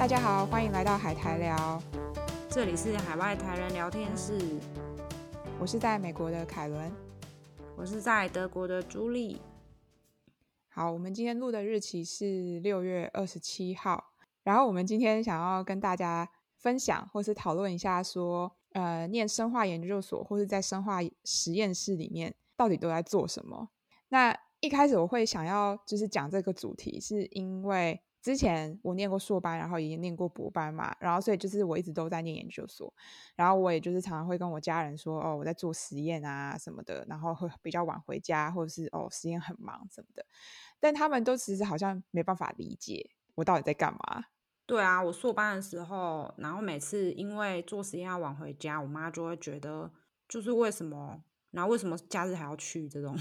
大家好，歡迎來到海苔聊，這裡是海外台人聊天室。我是在美國的凱倫，我是在德國的朱莉。好，我們今天錄的日期是六月二十七號。然後我們今天想要跟大家分享或是討論一下說，說呃，念生化研究所或是在生化實驗室裡面到底都在做什麼。那一開始我會想要就是講這個主題，是因為，之前我念過碩班，然後也念過博班嘛，然後所以就是我一直都在念研究所，然後我也就是常常會跟我家人說，哦，我在做實驗啊什麼的，然後會比較晚回家，或者是哦，實驗很忙什麼的，但他們都其實好像沒辦法理解我到底在幹嘛。對啊，我碩班的時候，然後每次因為做實驗要晚回家，我媽就會覺得就是為什麼，然後為什麼假日還要去這種。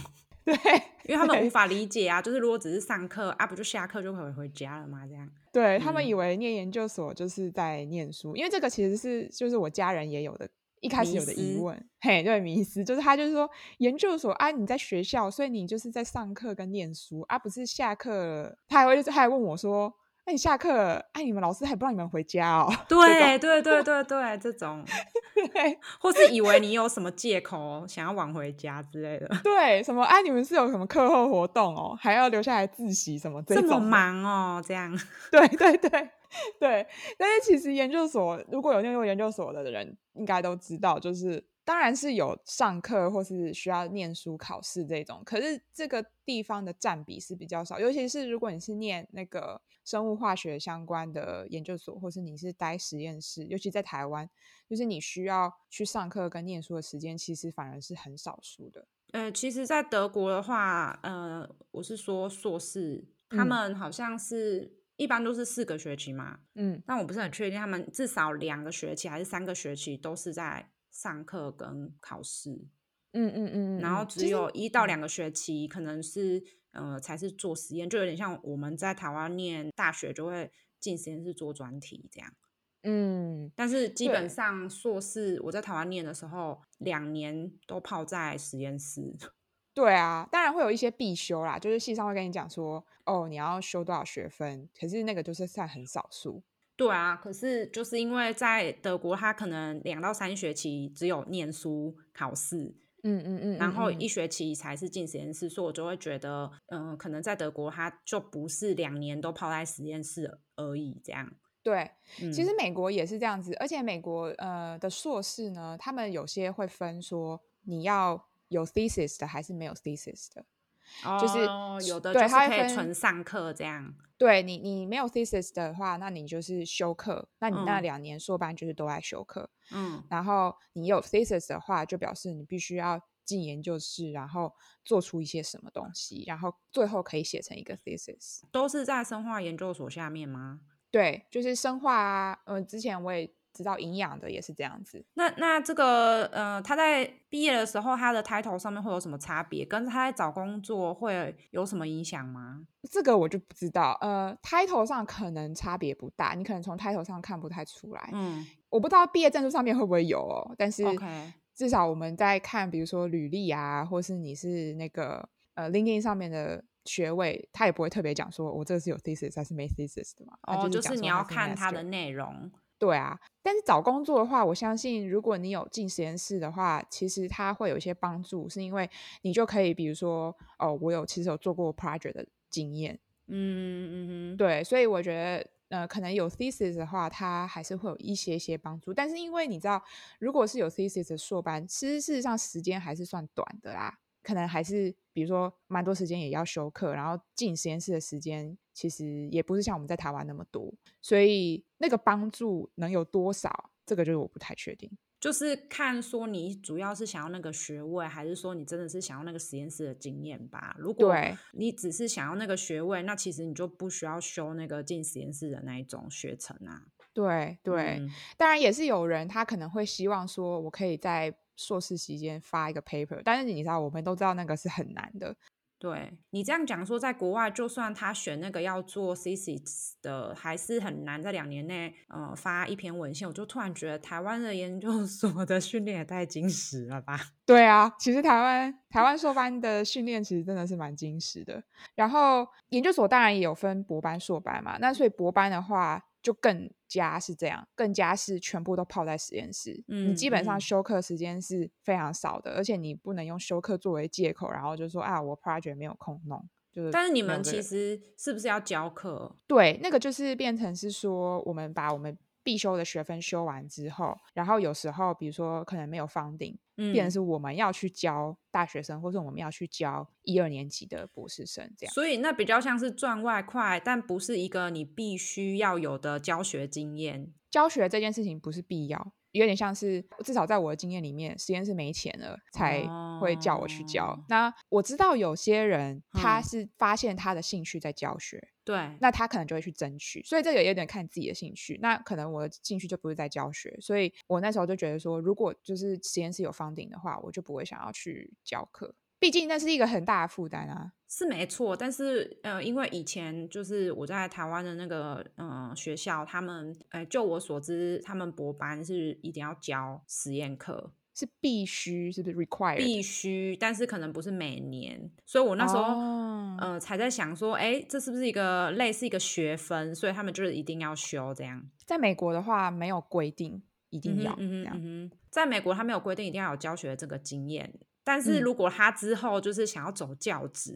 對，因為他們無法理解啊，對就是如果只是上課 啊，不就下課就回回家了嗎？這樣，對、嗯、他們以為念研究所就是在念書，因為這個其實是就是我家人也有的，一開始有的疑問。思嘿，對，迷思就是他就是說研究所啊，你在學校，所以你就是在上課跟念書啊，不是下課了。他還會就是他還問我說。那你、哎、下課，哎，你們老師還不讓你們回家哦。對種對對對對，這種，對或是以為你有什麼借口想要晚回家之類的。對，什麼？哎，你們是有什麼課後活動哦？還要留下來自習什麼？這種忙哦，這，種這樣。對對對 對，但是其實研究所，如果有念過研究所的人，應該都知道，就是。當然是有上課或是需要念書、考試這種，可是這個地方的占比是比較少，尤其是如果你是念那個生物化學相關的研究所，或是你是待實驗室，尤其在台灣，就是你需要去上課跟念書的時間，其實反而是很少數的。呃，其實，在德國的話，呃，我是說碩士，他們好像是、嗯、一般都是四個學期嘛，嗯，但我不是很確定，他們至少兩個學期還是三個學期都是在。上課跟考試，嗯，嗯嗯嗯，然後只有一到兩個學期，可能是嗯實、呃、才是做實驗，就有點像我們在台灣念大學就會進實驗室做專題這樣。嗯，但是基本上碩士我在台灣念的時候，對兩年都泡在實驗室。對啊，當然會有一些必修啦，就是系上會跟你講說，哦，你要修多少學分，可是那個就是算很少數。對啊，可是就是因為在德國，他可能兩到三學期只有唸書考試，嗯嗯嗯，嗯嗯，然後一學期才是進實驗室，所以我就會覺得，嗯、呃，可能在德國他就不是兩年都泡在實驗室而已這樣。對，嗯、其實美國也是這樣子，而且美國呃的碩士呢，他們有些會分說你要有 thesis 的還是沒有 thesis 的。Oh, 就是有的，對，它可以純上課這樣。對，對你，你沒有 thesis 的話，那你就是修課，那你那兩年碩班就是都在修課。嗯，然後你有 thesis 的話，就表示你必須要進研究室，然後做出一些什麼東西，然後最後可以寫成一個 thesis。都是在生化研究所下面嗎？對，就是生化啊。嗯，之前我也。知道營養的也是這樣子。那那這個呃，他在畢業的時候，他的 title 上面會有什麼差別？跟他在找工作會有什麼影響嗎？這個我就不知道。呃，title 上可能差別不大，你可能從 title 上看不太出來。嗯，我不知道畢業證書上面會不會有哦。但是至少我們在看，比如說履歷啊，或是你是那個呃 LinkedIn 上面的學位，他也不會特別講說我這個是有 thesis 還是沒 thesis 的嘛。哦，就是你要看它的內容。對啊，但是找工作的話，我相信如果你有進實驗室的話，其實他會有一些幫助，是因為你就可以，比如說，哦，我有其實有做過 project 的經驗，嗯嗯嗯，嗯嗯對，所以我覺得，呃，可能有 thesis 的話，它還是會有一些些幫助，但是因為你知道，如果是有 thesis 的碩班，其實事實上時間還是算短的啦。可能還是比如說蠻多時間也要修課，然後進實驗室的時間其實也不是像我們在台灣那麼多，所以那個幫助能有多少，這個就是我不太確定。就是看說你主要是想要那個學位，還是說你真的是想要那個實驗室的經驗吧？如果你只是想要那個學位，對那其實你就不需要修那個進實驗室的那一種學程啊。對對，對嗯、當然也是有人他可能會希望說我可以在。碩士期間發一個 paper，但是你知道，我們都知道那個是很難的。對，你這樣講說，在國外就算他選那個要做 CC 的，還是很難在兩年內呃發一篇文獻。我就突然覺得台灣的研究所的訓練也太精實了吧？ 對啊，其實台灣台灣碩班的訓練其實真的是蠻精實的。然後研究所當然也有分博班、碩班嘛，那所以博班的話，就更加是這樣，更加是全部都泡在實驗室。嗯、你基本上修課時間是非常少的，嗯、而且你不能用修課作為借口，然後就說啊，我 project 沒有空弄。就是、這個。但是你們其實是不是要教課？對，那個就是變成是說，我們把我們。必修的學分修完之後，然後有時候比如說可能沒有 funding，嗯，變成是我們要去教大學生，或是我們要去教一二年級的博士生這樣。所以那比較像是賺外快，但不是一個你必須要有的教學經驗。教學這件事情不是必要。有點像是，至少在我的經驗裡面，實驗室沒錢了才會叫我去教。啊、那我知道有些人，嗯、他是發現他的興趣在教學，對，那他可能就會去爭取。所以這個有點看自己的興趣。那可能我的興趣就不是在教學，所以我那時候就覺得說，如果就是實驗室有 funding 的話，我就不會想要去教課。畢竟那是一個很大的負擔啊，是沒錯。但是，呃，因為以前就是我在台灣的那個嗯、呃、學校，他們、欸、就我所知，他們博班是一定要教實驗課，是必須，是不是 require？必須，但是可能不是每年。所以我那時候、Oh. 呃才在想說，哎、欸，這是不是一個類似一個學分？所以他們就是一定要修這樣。在美國的話，沒有規定一定要這樣。嗯哼，嗯哼，嗯哼。在美國，他沒有規定一定要有教學這個經驗。但是如果他之後就是想要走教職，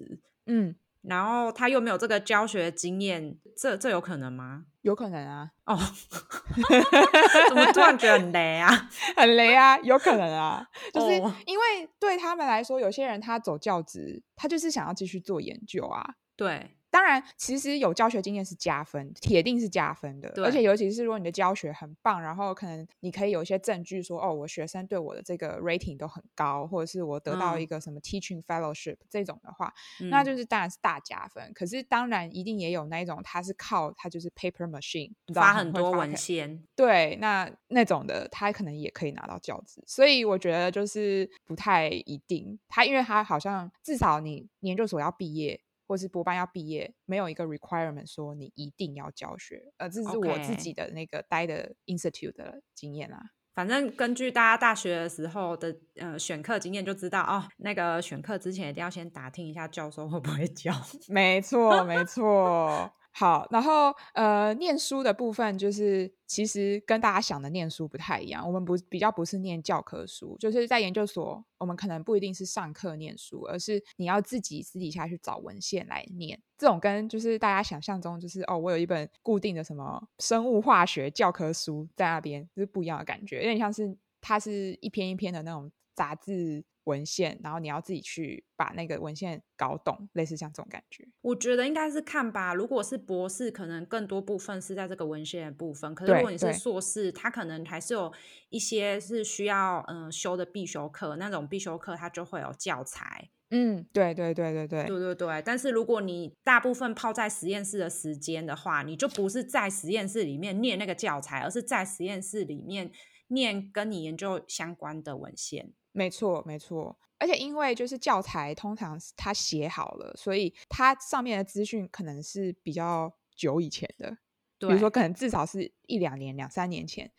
嗯，嗯，然後他又沒有這個教學經驗，這這有可能嗎？有可能啊。哦， 怎麼突然覺得很雷啊？很雷啊？有可能啊， 就是因為對他們來說，有些人他走教職，他就是想要繼續做研究啊。對。當然，其實有教學經驗是加分，鐵定是加分的。對。而且，尤其是如果你的教學很棒，然後可能你可以有一些證據說，哦，我學生對我的這個 rating 都很高，或者是我得到一個什麼 teaching fellowship 這種的話，哦嗯、那就是當然是大加分。可是，當然一定也有那一種他是靠他就是 paper machine 發很多文獻，對，那那種的他可能也可以拿到教職。所以，我覺得就是不太一定。他因為他好像至少你研究所要畢業。或是博班要畢業，沒有一個 requirement 說你一定要教學，呃，這是我自己的那個待的 institute 的經驗啦、啊。Okay. 反正根據大家大學的時候的呃選課經驗就知道，哦，那個選課之前一定要先打聽一下教授會不會教。 沒錯，沒錯。 好，然後呃，念書的部分就是，其實跟大家想的念書不太一樣。我們不比較不是念教科書，就是在研究所，我們可能不一定是上課念書，而是你要自己私底下去找文獻來念。這種跟就是大家想象中，就是哦，我有一本固定的什麼生物化學教科書在那邊，就是不一樣的感覺，有點像是它是一篇一篇的那種雜誌。文獻，然後你要自己去把那個文獻搞懂，類似像這種感覺。我覺得應該是看吧。如果是博士，可能更多部分是在這個文獻的部分。可是如果你是碩士，他對可能還是有一些是需要嗯、呃、修的必修課，那種必修課它就會有教材。嗯，對對對對對，對對對。但是如果你大部分泡在實驗室的時間的話，你就不是在實驗室裡面念那個教材，而是在實驗室裡面念跟你研究相關的文獻。沒錯，沒錯，而且因為就是教材通常它寫好了，所以它上面的資訊可能是比較久以前的，對比如說可能至少是一兩年，兩三年前。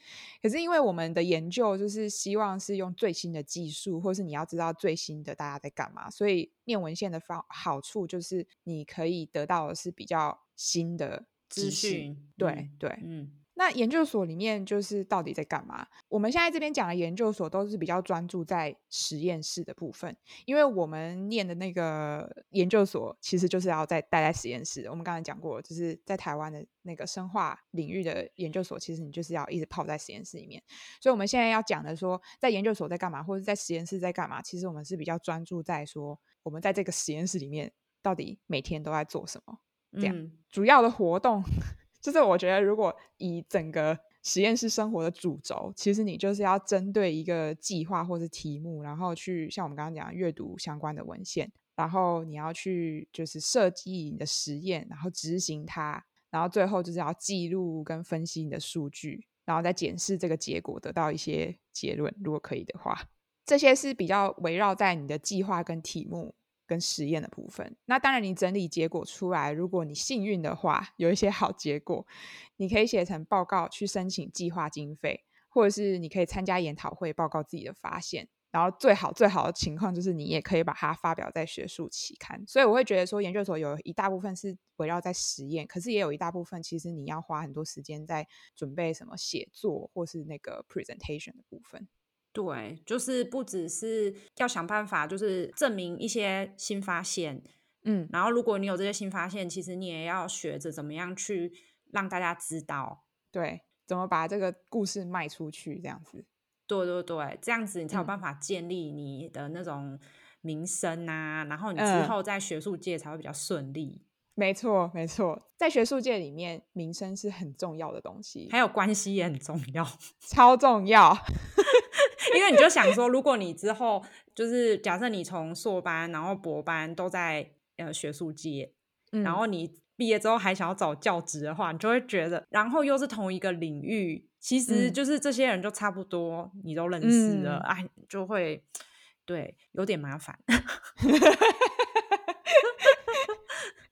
可是因為我們的研究就是希望是用最新的技術，或是你要知道最新的大家在幹嘛，所以念文獻的方好處就是你可以得到的是比較新的資訊，對訊對，嗯。對嗯那研究所裡面就是到底在幹嘛？我們現在這邊講的研究所都是比較專注在實驗室的部分，因為我們念的那個研究所其實就是要在待在實驗室。我們剛才講過，就是在台灣的那個生化領域的研究所，其實你就是要一直泡在實驗室裡面。所以我們現在要講的說，在研究所在幹嘛，或者在實驗室在幹嘛，其實我們是比較專注在說，我們在這個實驗室裡面到底每天都在做什麼，這樣、嗯、主要的活動。 就是我覺得，如果以整個實驗室生活的主軸，其實你就是要針對一個計劃或是題目，然後去像我們剛剛講閱讀相關的文獻，然後你要去就是設計你的實驗，然後執行它，然後最後就是要記錄跟分析你的數據，然後再檢視這個結果，得到一些結論。如果可以的話，這些是比較圍繞在你的計劃跟題目。跟實驗的部分，那當然你整理結果出來，如果你幸運的話，有一些好結果，你可以寫成報告去申請計劃經費，或者是你可以參加研討會報告自己的發現，然後最好最好的情況就是你也可以把它發表在學術期刊。所以我會覺得說，研究所有一大部分是圍繞在實驗，可是也有一大部分其實你要花很多時間在準備什麼寫作或是那個 presentation 的部分。對，就是不只是要想辦法，就是證明一些新發現。嗯，然後如果你有這些新發現，其實你也要學着怎麼樣去讓大家知道，對，怎麼把這個故事賣出去，這樣子。對對對，這樣子你才有辦法建立你的那種名聲啊，嗯、然後你之後在學術界才會比較順利、嗯。沒錯，沒錯，在學術界裡面，名聲是很重要的東西，還有關係也很重要，嗯、超重要。 因為你就想說，如果你之後就是假設你從碩班然後博班都在呃學術界，然後你畢業之後還想要找教職的話，你就會覺得，然後又是同一個領域，其實就是這些人就差不多，你都認識了，哎，就會對有點麻煩。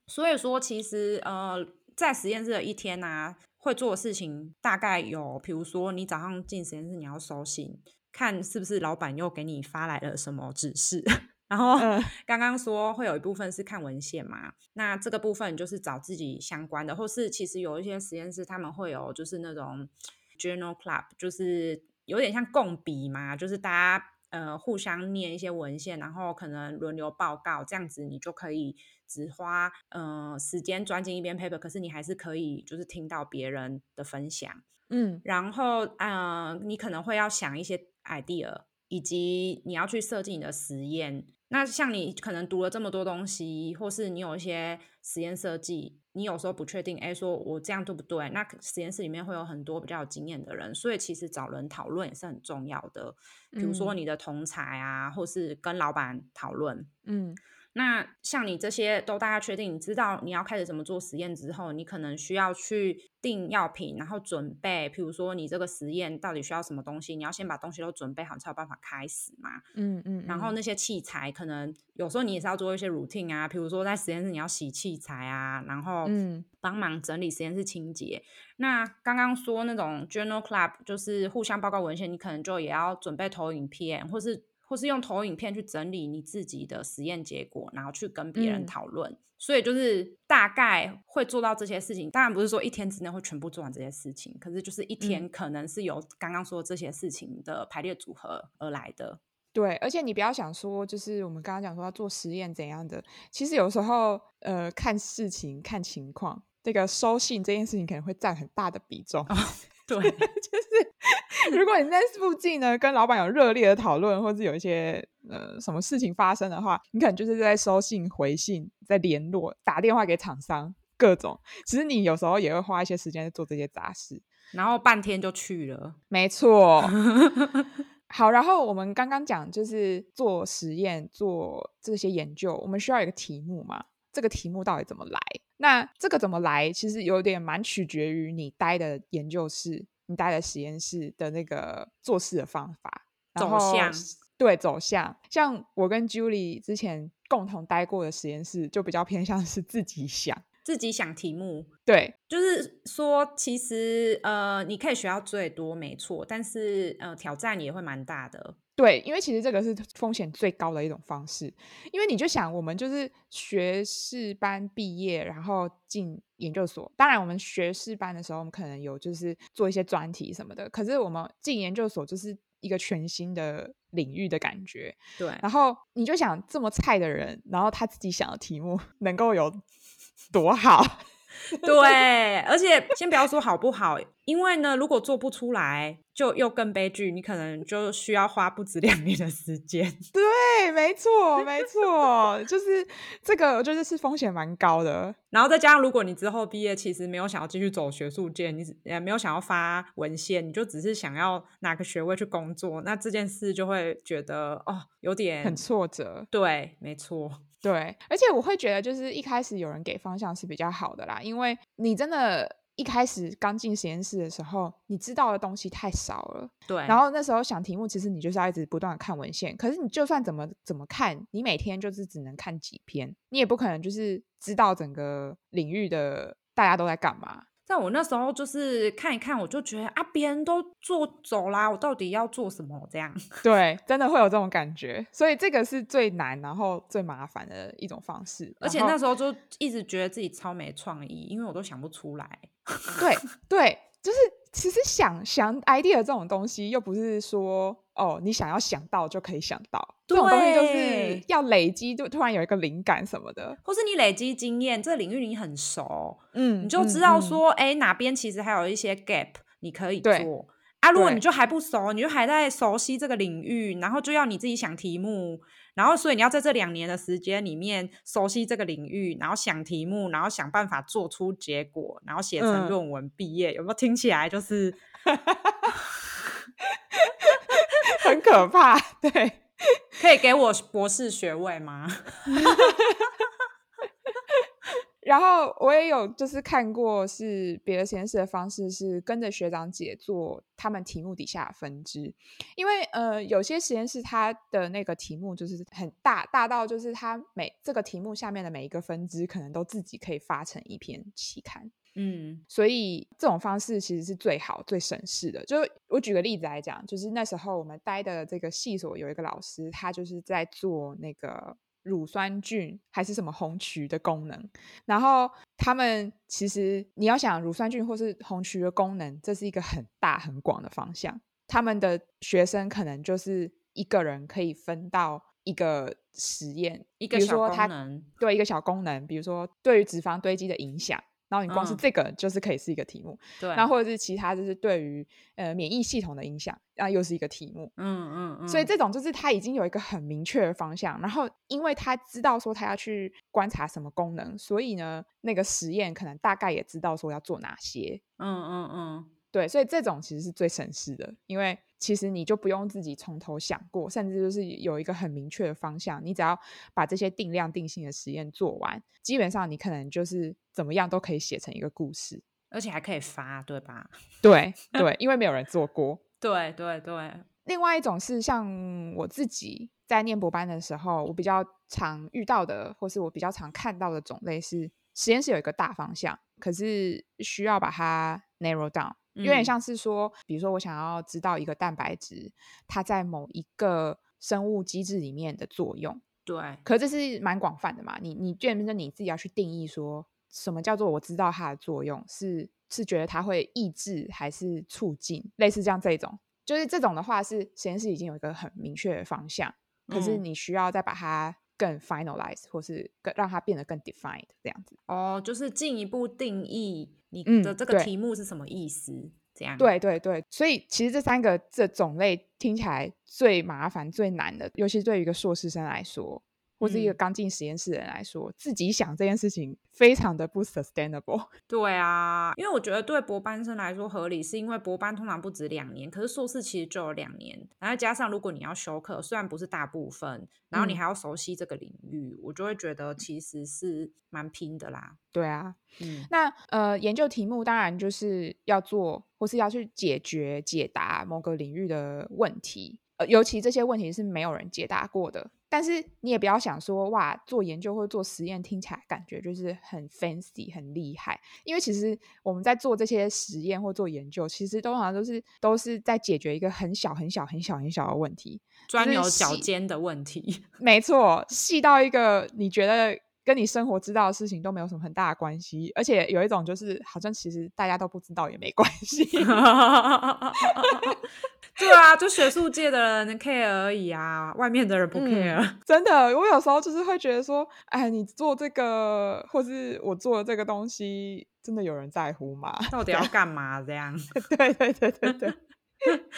所以說，其實呃，在實驗室的一天啊，會做的事情大概有，比如說你早上進實驗室，你要收心。看是不是老闆又給你發來了什麼指示？然後剛剛說會有一部分是看文獻嘛，那這個部分就是找自己相關的，或是其實有一些實驗室他們會有就是那種 journal club，就是有點像共筆嘛，就是大家呃互相念一些文獻，然後可能輪流報告，這樣子你就可以只花嗯、呃、時間鑽進一篇 paper，可是你還是可以就是聽到別人的分享，嗯，然後嗯、呃、你可能會要想一些。idea，以及你要去設計你的實驗。那像你可能讀了這麼多東西，或是你有一些實驗設計，你有時候不確定，哎、欸，說我這樣對不對？那實驗室裡面會有很多比較有經驗的人，所以其實找人討論也是很重要的。比如說你的同儕啊，嗯、或是跟老板討論，嗯。那像你這些都大家確定，你知道你要開始怎麼做實驗之後，你可能需要去訂藥品，然後準備，譬如說你這個實驗到底需要什麼東西，你要先把東西都準備好才有辦法開始嘛、嗯。嗯嗯。然後那些器材，可能有時候你也是要做一些 routine 啊，比如說在實驗室你要洗器材啊，然後幫忙整理實驗室清潔。嗯、那剛剛說那種 journal club 就是互相報告文獻，你可能就也要準備投影片或是。或是用投影片去整理你自己的實驗結果，然後去跟別人討論。嗯、所以就是大概會做到這些事情，當然不是說一天之內會全部做完這些事情，可是就是一天可能是由剛剛說這些事情的排列組合而來的。對，而且你不要想說，就是我們剛剛講說要做實驗怎樣的，其實有時候呃看事情看情況，這個收信這件事情可能會佔很大的比重。 對， 就是如果你在附近呢，跟老闆有熱烈的討論，或是有一些呃什麼事情發生的話，你可能就是在收信、回信、在聯絡、打電話給廠商，各種。其實你有時候也會花一些時間在做這些雜事，然後半天就去了。沒錯。 好，然後我們剛剛講就是做實驗、做這些研究，我們需要一個題目嘛？這個題目到底怎麼來？那這個怎麼來？其實有點蠻取決於你待的研究室、你待的實驗室的那個做事的方法。然後走向，對，走向，像我跟 Julie 之前共同待過的實驗室，就比較偏向是自己想自己想題目。對，就是說，其實呃，你可以學到最多沒錯，但是呃，挑戰也會蠻大的。對，因為其實這個是風險最高的一種方式，因為你就想，我們就是學士班畢業，然後進研究所。當然，我們學士班的時候，我們可能有就是做一些專題什麼的，可是我們進研究所就是一個全新的領域的感覺。對，然後你就想，這麼菜的人，然後他自己想的題目能夠有多好？對，而且先不要說好不好，因為呢，如果做不出來，就又更悲劇。你可能就需要花不止兩年的時間。對，沒錯，沒錯， 就是這個，我覺得是風險蠻高的。然後再加上，如果你之後畢業，其實沒有想要繼續走學術界，你也沒有想要發文獻，你就只是想要拿個學位去工作，那這件事就會覺得哦，有點很挫折。對，沒錯。對，而且我會覺得，就是一開始有人給方向是比較好的啦，因為你真的一開始剛進實驗室的時候，你知道的東西太少了。對，然後那時候想題目，其實你就是要一直不斷的看文獻，可是你就算怎麼怎麼看，你每天就是只能看幾篇，你也不可能就是知道整個領域的大家都在幹嘛。在我那時候，就是看一看，我就覺得啊，別人都做走啦，我到底要做什麼？這樣。對，真的會有這種感覺。所以這個是最難，然後最麻煩的一種方式。然後，而且那時候就一直覺得自己超沒創意，因為我都想不出來。 對對，就是其實想想 idea 這種東西，又不是說。哦，oh, 你想要想到就可以想到，對這種東西就是要累積，就突然有一個靈感什麼的，或是你累積經驗，這個領域你很熟，嗯，你就知道說，哎、嗯嗯欸，哪邊其實還有一些 gap 你可以做對啊。如果你就還不熟，對你就還在熟悉這個領域，然後就要你自己想題目，然後所以你要在這兩年的時間裡面熟悉這個領域，然後想題目，然後想辦法做出結果，然後寫成論文畢、嗯、業，有沒有聽起來就是？ 很可怕，對，可以給我博士學位嗎？ 然後我也有就是看過是別的實驗室的方式，是跟着學長姐做他們題目底下的分支，因為呃有些實驗室它的那個題目就是很大，大到就是它每這個題目下面的每一個分支可能都自己可以發成一篇期刊。嗯，所以這種方式其實是最好、最省事的。就我舉個例子來講，就是那時候我們待的這個系所有一個老師，他就是在做那個乳酸菌還是什麼紅麴的功能。然後他們其實你要想乳酸菌或是紅麴的功能，這是一個很大很廣的方向。他們的學生可能就是一個人可以分到一個實驗，一個小功能，對一個小功能，比如說對於脂肪堆積的影響。然後你光是這個就是可以是一個題目，嗯、對，那或者是其他就是對於呃免疫系統的影響，那、啊、又是一個題目，嗯嗯、嗯，所以這種就是他已經有一個很明確的方向，然後因為他知道說他要去觀察什麼功能，所以呢那個實驗可能大概也知道說要做哪些，嗯嗯嗯，嗯嗯對，所以這種其實是最省事的，因為。其實你就不用自己從頭想過，甚至就是有一個很明確的方向，你只要把這些定量定性的實驗做完，基本上你可能就是怎麼樣都可以寫成一個故事，而且還可以發，對吧？對對，對 因為沒有人做過。對對對。對對，另外一種是像我自己在念博班的時候，我比較常遇到的，或是我比較常看到的種類是，實驗室有一個大方向，可是需要把它 narrow down。有點像是說，比如說我想要知道一個蛋白質它在某一個生物機制裡面的作用，對，可是這是蠻廣泛的嘛？你你就變成你自己要去定義說，什麼叫做我知道它的作用是是覺得它會抑制還是促進？類似像這種，就是這種的話是實驗室已經有一個很明確的方向，可是你需要再把它。更 finalize，或是更讓它變得更 defined 這樣子。哦，就是進一步定義你的這個題目是什麼意思，嗯、對這樣。對對對，所以其實這三個這種類聽起來最麻煩最難的，尤其對於一個碩士生來說。或是一個剛進實驗室的人來說，自己想這件事情非常的不 sustainable。嗯。對啊，因為我覺得對博班生來說合理，是因為博班通常不止兩年，可是碩士其實只有兩年，然後加上如果你要修課，雖然不是大部分，然後你還要熟悉這個領域，嗯、我就會覺得其實是蠻拼的啦。對啊，嗯，那呃，研究題目當然就是要做，或是要去解決、解答某個領域的問題，呃，尤其這些問題是沒有人解答過的。但是你也不要想說哇，做研究或做實驗聽起來感覺就是很 fancy 很厲害，因為其實我們在做這些實驗或做研究，其實都好像都是都是在解決一個很小很小很小很小的問題，鑽牛角尖的問題。沒錯，細到一個你覺得跟你生活知道的事情都沒有什麼很大的關係，而且有一種就是好像其實大家都不知道也沒關係。 對啊，就學術界的人 care 而已啊，外面的人不 care。嗯，真的，我有時候就是會覺得說，哎，你做這個，或是我做的這個東西，真的有人在乎嗎？到底要幹嘛這樣？ 對對對對對，對，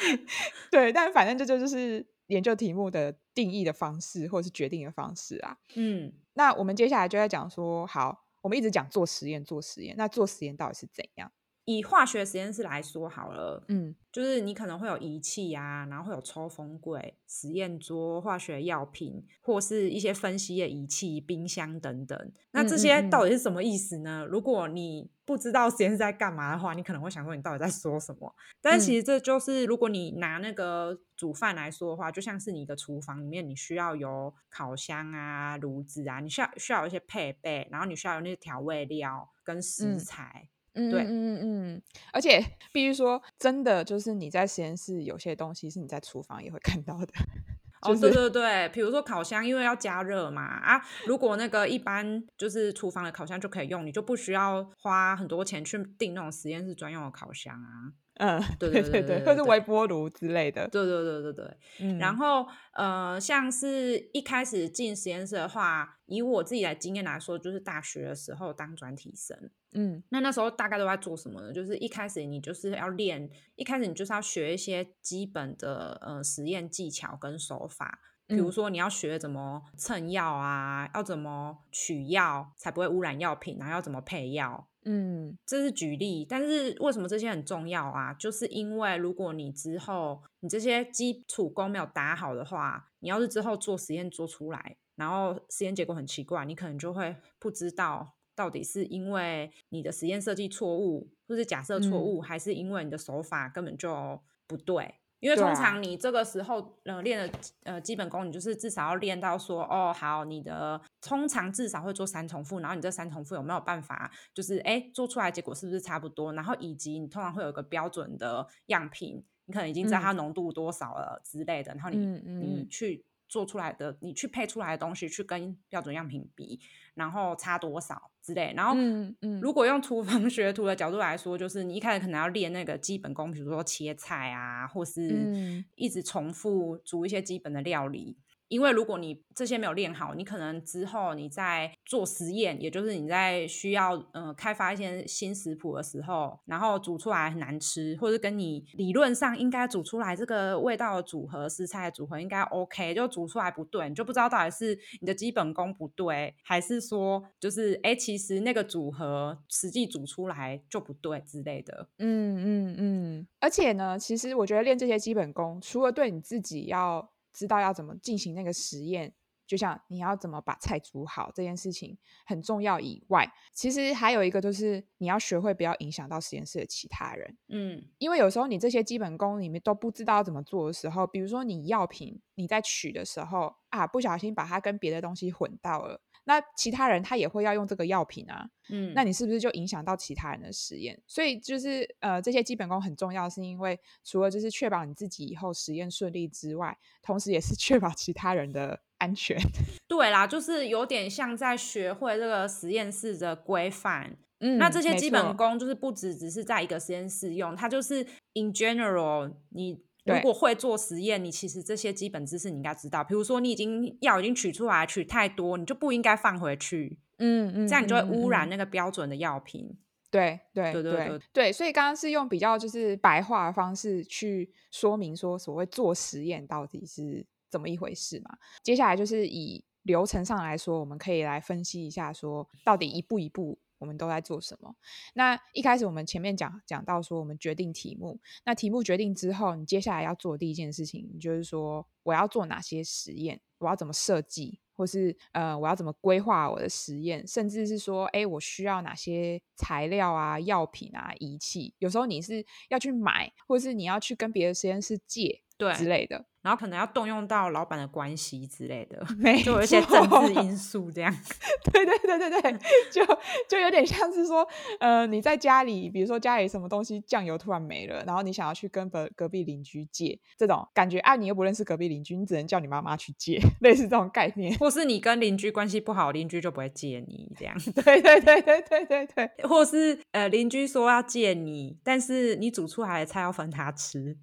對。但反正這就就是研究題目的定義的方式，或者是決定的方式啊。嗯，那我們接下來就在講說，好，我們一直講做實驗，做實驗，那做實驗到底是怎樣？以化學實驗室來說好了，嗯，就是你可能會有儀器啊，然後會有抽風櫃、實驗桌、化學藥品，或是一些分析的儀器、冰箱等等。那這些到底是什麼意思呢？嗯嗯嗯。如果你不知道實驗室在幹嘛的話，你可能會想說你到底在說什麼。但其實這就是，如果你拿那個煮飯來說的話，嗯，就像是你的廚房裡面，你需要有烤箱啊、爐子啊，你需要需要有一些配備，然後你需要有那些調味料跟食材。嗯對，嗯，對、嗯，嗯嗯嗯，而且必須說，真的就是你在實驗室有些東西是你在廚房也會看到的。就是、哦，對對對，比如說烤箱，因為要加熱嘛啊，如果那個一般就是廚房的烤箱就可以用，你就不需要花很多錢去訂那種實驗室專用的烤箱啊。嗯，對對對對，或是微波爐之類的。對、對對對對對。嗯、然後呃，像是一開始進實驗室的話，以我自己的經驗來說，就是大學的時候當專題生。嗯，那那時候大概都在做什麼呢？就是一開始你就是要練，一開始你就是要學一些基本的呃實驗技巧跟手法，比如說你要學怎麼稱藥啊，要怎麼取藥才不會污染藥品啊，然後要怎麼配藥。嗯，這是舉例。但是為什麼這些很重要啊？就是因為如果你之後你這些基礎功沒有打好的話，你要是之後做實驗做出來，然後實驗結果很奇怪，你可能就會不知道。到底是因為你的實驗設計錯誤，或是假設錯誤，嗯、還是因為你的手法根本就不對？因為通常你這個時候、啊、呃練的呃基本功，你就是至少要練到說哦好，你的通常至少會做三重複，然後你這三重複有沒有辦法，就是哎做出來結果是不是差不多？然後以及你通常會有一個標準的樣品，你可能已經知道它濃度多少了、嗯、之類的，然後你嗯嗯你去做出來的，你去配出來的東西去跟標準樣品比，然後差多少？之類，然後，嗯嗯，如果用廚房學徒的角度來說，就是你一開始可能要練那個基本功，比如說切菜啊，或是一直重複煮一些基本的料理。因為如果你這些沒有練好，你可能之後你在做實驗，也就是你在需要嗯、呃、開發一些新食譜的時候，然後煮出來很難吃，或者跟你理論上應該煮出來這個味道的組合、食材的組合應該 OK，就煮出來不對，你就不知道到底是你的基本功不對，還是說就是哎，其實那個組合實際煮出來就不對之類的。嗯嗯嗯。嗯嗯，而且呢，其實我覺得練這些基本功，除了對你自己要，知道要怎麼進行那個實驗，就像你要怎麼把菜煮好這件事情很重要以外，其實還有一個就是你要學會不要影響到實驗室的其他人。嗯，因為有時候你這些基本功裡面都不知道怎麼做的時候，比如說你藥品你在取的時候啊，不小心把它跟別的東西混到了。那其他人他也會要用這個藥品啊，嗯，那你是不是就影響到其他人的實驗？所以就是呃，這些基本功很重要，是因為除了就是確保你自己以後實驗順利之外，同時也是確保其他人的安全。對啦，就是有點像在學會這個實驗室的規範。嗯，那這些基本功就是不只只是在一個實驗室用，它就是 in general 你。對。如果會做實驗，你其實這些基本知識你應該知道。比如說，你已經藥已經取出來，取太多，你就不應該放回去。嗯嗯，嗯這樣你就會污染那個標準的藥品。對對，對對對對對，對，對，所以剛剛是用比較就是白話的方式去說明說所謂做實驗到底是怎麼一回事嘛。接下來就是以流程上來說，我們可以來分析一下說到底一步一步。我們都在做什麼？那一開始我們前面講講到說，我們決定題目。那題目決定之後，你接下來要做第一件事情，就是說我要做哪些實驗，我要怎麼設計，或是呃，我要怎麼規劃我的實驗，甚至是說，誒我需要哪些材料啊、藥品啊、儀器？有時候你是要去買，或是你要去跟別的實驗室借，對之類的。然後可能要動用到老闆的關係之類的，沒錯，就有一些政治因素這樣。對對對對對，就就有點像是說，呃，你在家裡，比如說家裡什麼東西醬油突然沒了，然後你想要去跟隔隔壁鄰居借，這種感覺愛、啊、你又不認識隔壁鄰居，你只能叫你媽媽去借，類似這種概念。或是你跟鄰居關係不好，鄰居就不會借你這樣。對對對對對對對，或是呃鄰居說要借你，但是你煮出來的菜要分他吃。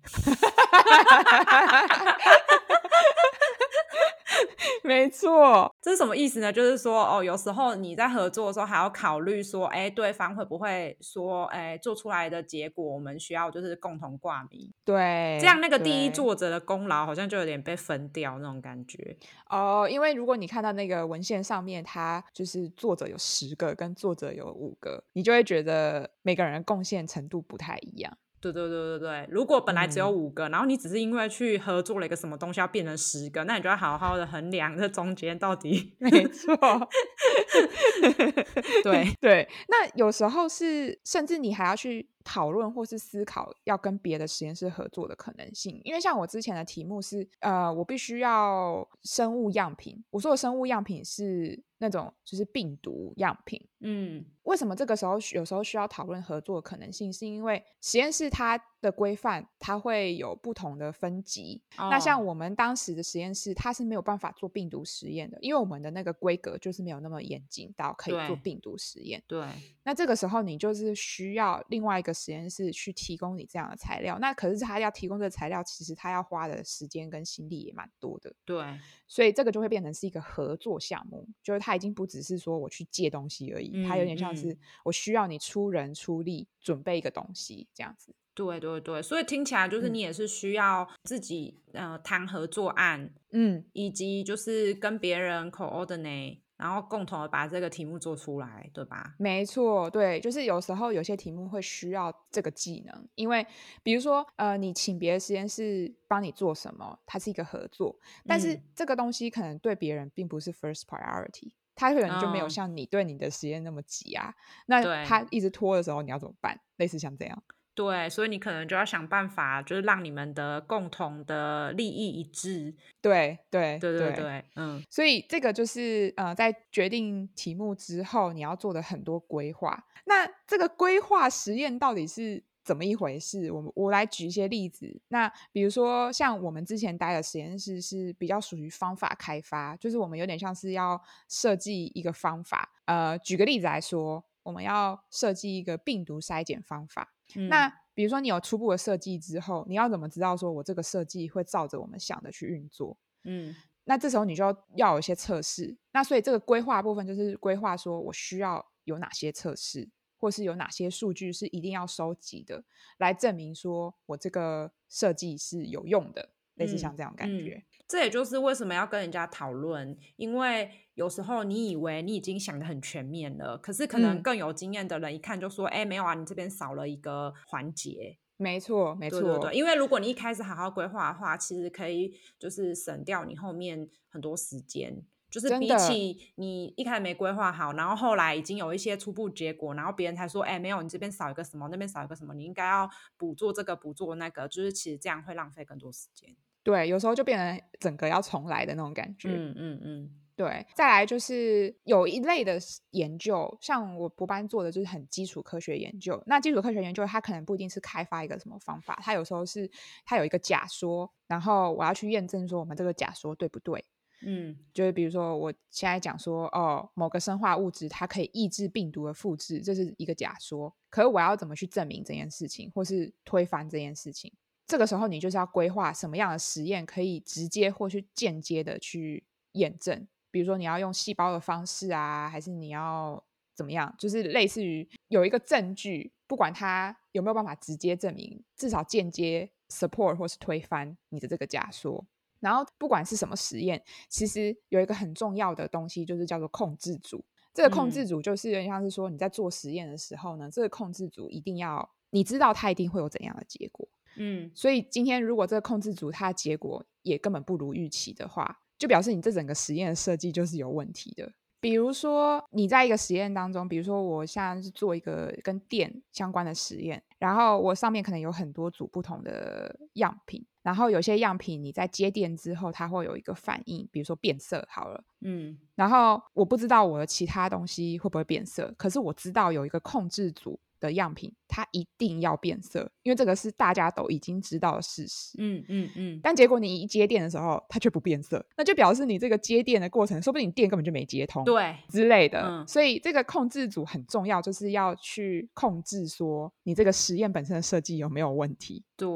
哈， 沒錯錯，這是什麼意思呢？就是說，哦，有時候你在合作的時候，還要考慮說，哎、欸，對方會不會說，哎、欸，做出來的結果我們需要就是共同掛名，對，這樣那個第一作者的功勞好像就有點被分掉那種感覺對哦。因為如果你看到那個文獻上面，它就是作者有十個，跟作者有五個，你就會覺得每個人的貢獻程度不太一樣。對對對對對，如果本來只有五個，嗯、然後你只是因為去合作了一個什麼東西，要變成十個，那你就要好好的衡量這中間到底沒錯。 對對，那有時候是甚至你還要去討論或是思考要跟別的實驗室合作的可能性，因為像我之前的題目是呃，我必須要生物樣品，我說的生物樣品是那種就是病毒樣品，嗯。為什麼這個時候有時候需要討論合作的可能性？是因為實驗室它的規範它會有不同的分級。Oh. 那像我們當時的實驗室，它是沒有辦法做病毒實驗的，因為我們的那個規格就是沒有那麼嚴謹到可以做病毒實驗。對。對，那這個時候你就是需要另外一個實驗室去提供你這樣的材料。那可是他要提供這個材料，其實他要花的時間跟心力也蠻多的。對。所以這個就會變成是一個合作項目，就是他已經不只是說我去借東西而已，嗯、它有點像是。是我需要你出人出力準備一個東西，這樣子。對對對，所以聽起來就是你也是需要自己、嗯、呃談合作案，嗯，以及就是跟別人 coordinate，然後共同的把這個題目做出來，對吧？沒錯，對，就是有時候有些題目會需要這個技能，因為比如說呃你請別的實驗室幫你做什麼，它是一個合作，但是這個東西可能對別人並不是 first priority。他可能就沒有像你對你的實驗那麼急啊，嗯、那他一直拖的時候，你要怎麼辦？對，類似像這樣，對，所以你可能就要想辦法，就是讓你們的共同的利益一致。對對對對對，對嗯，所以這個就是呃，在決定題目之後，你要做的很多規劃。那這個規劃實驗到底是？怎麼一回事？我們我來舉一些例子。那比如說，像我們之前待的實驗室是比較屬於方法開發，就是我們有點像是要設計一個方法。呃，舉個例子來說，我們要設計一個病毒篩檢方法。嗯、那比如說，你有初步的設計之後，你要怎麼知道說我這個設計會照着我們想的去運作？嗯，那這時候你就要，要有一些測試。那所以這個規劃部分就是規劃說我需要有哪些測試。或是有哪些數據是一定要收集的，來證明說我這個設計是有用的，類似像這種感覺。嗯嗯、這也就是為什麼要跟人家討論，因為有時候你以為你已經想得很全面了，可是可能更有經驗的人一看就說：“哎、嗯欸，沒有啊，你這邊少了一個環節。沒”沒錯，沒錯，對。因為如果你一開始好好規劃的話，其實可以就是省掉你後面很多時間。就是比起你一開始沒規劃好，然後後來已經有一些初步結果，然後別人才說，哎、欸，沒有，你這邊少一個什麼，那邊少一個什麼，你應該要補做這個，補做那個。就是其實這樣會浪費更多時間。對，有時候就變成整個要重來的那種感覺。嗯嗯嗯，嗯嗯對。再來就是有一類的研究，像我博班做的就是很基礎科學研究。那基礎科學研究，它可能不一定是開發一個什麼方法，它有時候是它有一個假說，然後我要去驗證說我們這個假說對不對？嗯，就是比如說，我現在講說，哦，某個生化物質它可以抑制病毒的複製，這是一個假說。可是我要怎麼去證明這件事情，或是推翻這件事情？這個時候你就是要規劃什麼樣的實驗，可以直接或去間接的去驗證。比如說，你要用細胞的方式啊，還是你要怎麼樣？就是類似於有一個證據，不管它有沒有辦法直接證明，至少間接 support 或是推翻你的這個假說。然後不管是什麼實驗，其實有一個很重要的東西，就是叫做控制組。這個控制組就是有點像是說，你在做實驗的時候呢，嗯、這個控制組一定要你知道它一定會有怎樣的結果。嗯，所以今天如果這個控制組它的結果也根本不如預期的話，就表示你這整個實驗的設計就是有問題的。比如說你在一個實驗當中，比如說我現在是做一個跟電相關的實驗，然後我上面可能有很多組不同的樣品。然後有些樣品你在接電之後，它會有一個反應，比如說變色好了。嗯，然後我不知道我的其他東西會不會變色，可是我知道有一個控制組的樣品，它一定要變色，因為這個是大家都已經知道的事實。嗯嗯嗯。嗯嗯，但結果你一接電的時候，它卻不變色，那就表示你這個接電的過程，說不定你電根本就沒接通，對之類的。嗯、所以這個控制組很重要，就是要去控制說你這個實驗本身的設計有沒有問題？對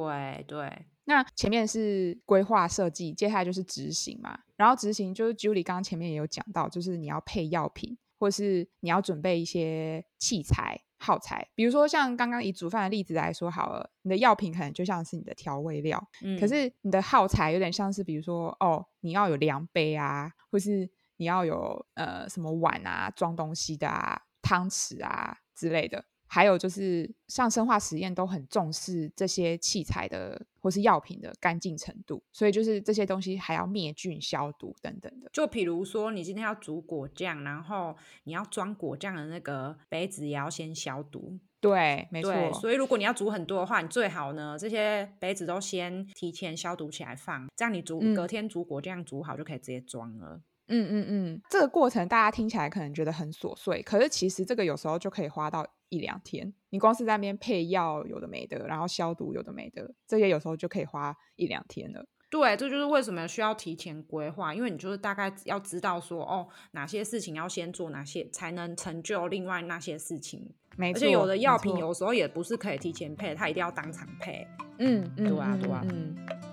對。對那前面是規劃設計，接下來就是執行嘛。然後執行就是 Julie 剛前面也有講到，就是你要配藥品，或是你要準備一些器材耗材。比如說像剛剛以煮飯的例子來說，好了，你的藥品可能就像是你的調味料，嗯、可是你的耗材有點像是，比如說哦，你要有量杯啊，或是你要有呃什麼碗啊，裝東西的啊，湯匙啊之類的。還有就是，像生化實驗都很重視這些器材的或是藥品的乾淨程度，所以就是這些東西還要滅菌消毒等等的。就比如說，你今天要煮果醬，然後你要裝果醬的那個杯子也要先消毒。對，沒錯。所以如果你要煮很多的話，你最好呢，這些杯子都先提前消毒起來放，這樣你煮、嗯、你隔天煮果醬煮好就可以直接裝了。嗯嗯嗯，這個過程大家聽起來可能覺得很瑣碎，可是其實這個有時候就可以花到。一兩天，你光是在那邊配藥，有的沒的，然後消毒，有的沒的，這些有時候就可以花一兩天了。對，這就是為什麼需要提前規劃，因為你就是大概要知道說，哦，哪些事情要先做，哪些才能成就另外那些事情。沒錯，而且有的藥品有時候也不是可以提前配，它，沒錯，一定要當場配。嗯，嗯對啊，對啊。嗯嗯